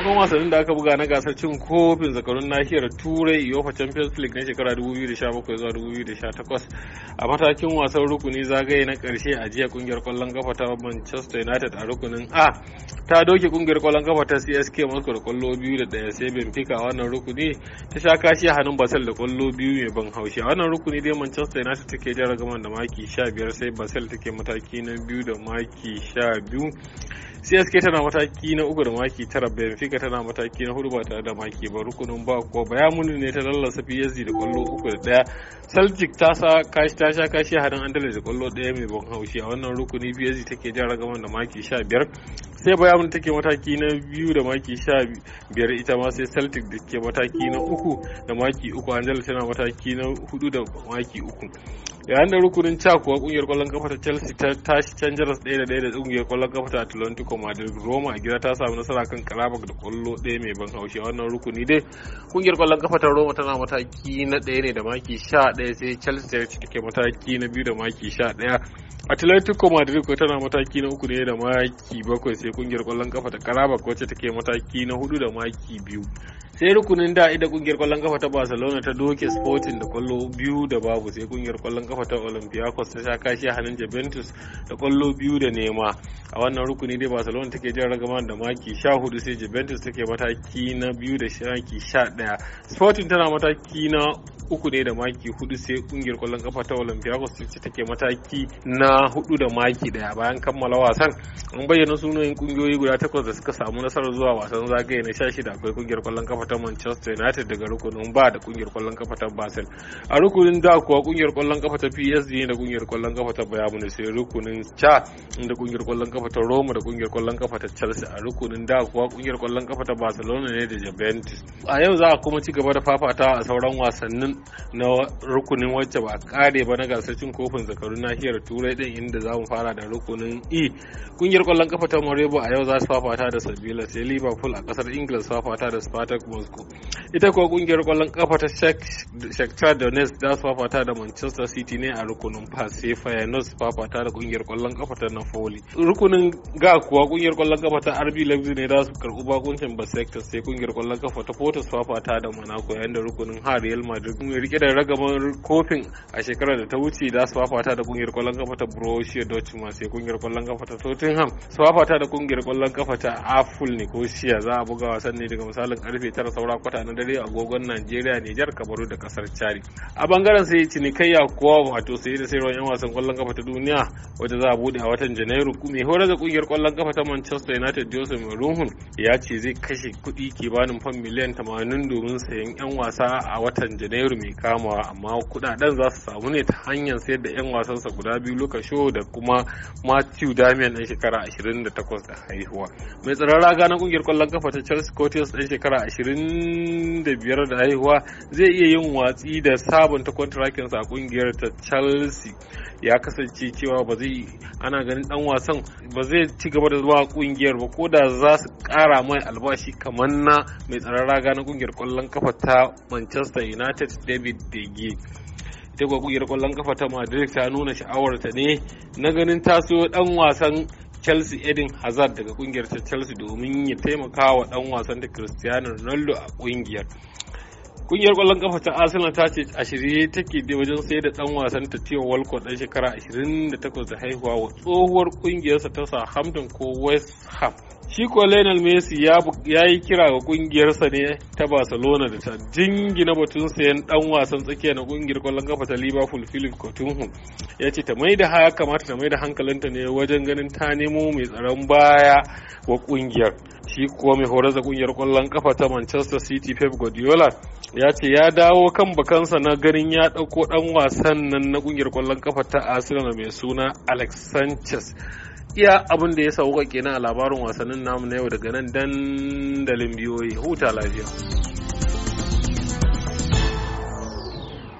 sakamakon wasannin da aka buga na gasar cin kofin zakarun nahiyar turai yofa champions league na shekara 2017 zuwa 2018 a matakin wasan rukuni zagaye na karshe a jiya kungiyar kwallon kafa ta manchester united a rukunin a ta doke kungiyar kwallon kafa ta csk moscow da kwallo biyu da daya sai benfica a wannan rukuni ta sha kashi a hannun basel da kwallo biyu mai ban haushi a wannan rukuni dai manchester united take jarar gama da maki 15 sai basel take mataki na biyu da maki 12 CSK tana mataki na uku da maki tara Benfica tana mataki na hudu ba tare da maki ba rukunin ba kuwa Bayamuni ne ta lallasa PSG da kwallo uku da daya Celtic ta sa kashi ta sha kashi harin Andalus da kwallo daya mai ban haushi a wannan rukuni PSG take jan ragaman da maki sha biyar sai Bayamuni take mataki na biyu da maki sha biyar ita ma sai Celtic da ke mataki na uku da maki uku Andalus tana mataki na hudu da maki uku yayin da rukunin ca kuwa kungiyar kwallon kafa ta chelsea ta tashi can jaras ɗaya da ɗaya da kungiyar kwallon kafa ta atlantico madrid roma gida ta samu nasara kan karabak da kwallo ɗaya mai ban haushi a wannan rukuni dai kungiyar kwallon kafa ta roma tana mataki na ɗaya ne da maki sha ɗaya sai chelsea ta take mataki na biyu da maki sha ɗaya atlantico Madrid ko tana mataki na uku ne da maki bakwai sai kungiyar kwallon kafa ta Karabak wacce take mataki na hudu da maki biyu. sai rukunin da ida kungiyar kwallon kafa ta barcelona ta doke sporting da kwallo biyu da babu sai kungiyar kwallon kafa ta olympiacos ta sha kashi a hannun juventus da kwallo biyu da nema a wannan rukuni dai barcelona take jan ragama da maki sha hudu sai juventus take mataki na biyu da maki sha daya sporting tana mataki na uku ne da maki hudu sai kungiyar kwallon kafa ta olympiacos ta take mataki na hudu da maki daya bayan kammala wasan mun bayyana sunayen kungiyoyi guda takwas da suka samu nasarar zuwa wasan zagaye na 16 akwai kungiyar kwallon kafa ta Manchester United daga rukunin ba da kungiyar kwallon kafa ta Basel a rukunin da kuwa kungiyar kwallon kafa ta PSG da kungiyar kwallon kafa ta Bayern Munich sai rukunin ca da kungiyar kwallon kafa ta Roma da kungiyar kwallon kafa ta Chelsea a rukunin da kuwa kungiyar kwallon kafa ta Barcelona ne da Juventus a yau za a kuma ci gaba da fafatawa a sauran wasannin na rukunin wacce ba a kare ba na gasar cin kofin zakarun nahiyar Turai din inda za mu fara da rukunin E kungiyar Ƙungiyar ƙwallon kafa ta Morebo a yau za su fafata da Sabila sai Liverpool a ƙasar Ingila su fafata da Spartak Moscow. ita kuwa kungiyar kwallon kafa ta Shakhtar Donetsk za su fafata da Manchester City ne a rukunin pass sai Feyenoord su fafata da kungiyar kwallon kafa ta Napoli rukunin ga kuwa kungiyar kwallon kafa ta RB Leipzig ne za su karbi bakuncin Besiktas sai kungiyar kwallon kafa ta Porto su fafata da Monaco yayin da rukunin har Real Madrid rike da ragamar kofin a shekarar da ta wuce za su fafata da kungiyar kwallon kafa ta Borussia Dortmund sai kungiyar kwallon kafa ta Tottenham su fafata da kungiyar kwallon kafa ta Apple Nicosia za a buga wasan ne daga misalin karfe 9 saura kwata na dare agogon Najeriya, Nijar, Kabaru da kasar Chari. A bangaren sai cinikayya kuwa wato sai da sayarwar 'yan wasan kwallon kafa ta duniya Wata za a bude a watan Janairu. Mai horar da kungiyar kwallon kafa ta Manchester United Jose Mourinho ya ce zai kashe kuɗi kimanin fam miliyan 80 domin sayan 'yan wasa a watan Janairu mai kamawa amma kuɗaɗen za su samu ne ta hanyar sayar da 'yan wasansa guda biyu Luka Shaw da kuma Matthew Damian ɗan shekara 28 da haihuwa. Mai tsaron raga na kungiyar kwallon kafa ta Chelsea Cotillas ɗan shekara 20 biyar da haihuwa zai iya yin watsi da sabunta kwantarakinsa a kungiyar ta Chelsea ya kasance cewa ba zai ana ganin dan wasan ba zai ci gaba da zuwa kungiyar ba ko da za su kara mai albashi kamar na mai tsaron raga na kungiyar kwallon kafa ta Manchester United David De Gea ita kuwa kungiyar kwallon kafa ta Madrid ta nuna sha'awarta ne na ganin taso dan wasan Chelsea Eden Hazard daga kungiyar ta Chelsea domin ya taimaka wa dan wasan da Cristiano Ronaldo a kungiyar. Kungiyar kwallon kafa ta Arsenal ta ce a shirye take da wajen sayar da dan wasan ta Theo Walcott dan shekara 28 da haihuwa wa tsohuwar kungiyarsa ta Southampton ko West Ham shi ko Lionel Messi ya yi kira ga kungiyarsa ne ta Barcelona da ta jingina batun sayan dan wasan tsakiya na kungiyar kwallon kafa ta Liverpool Philip Coutinho ya ce ta maida haya kamata ta mai da hankalinta ne wajen ganin ta nemo mai tsaron baya wa kungiyar shi kuwa mai horar da kungiyar kwallon kafa ta Manchester City Pep Guardiola ya ce ya dawo kan bakansa na ganin ya dauko dan wasan nan na kungiyar kwallon kafa ta Arsenal mai suna Alex Sanchez iya abin da ya sauka kenan a labarin wasannin namu na yau daga nan dandalin biyoyi huta lafiya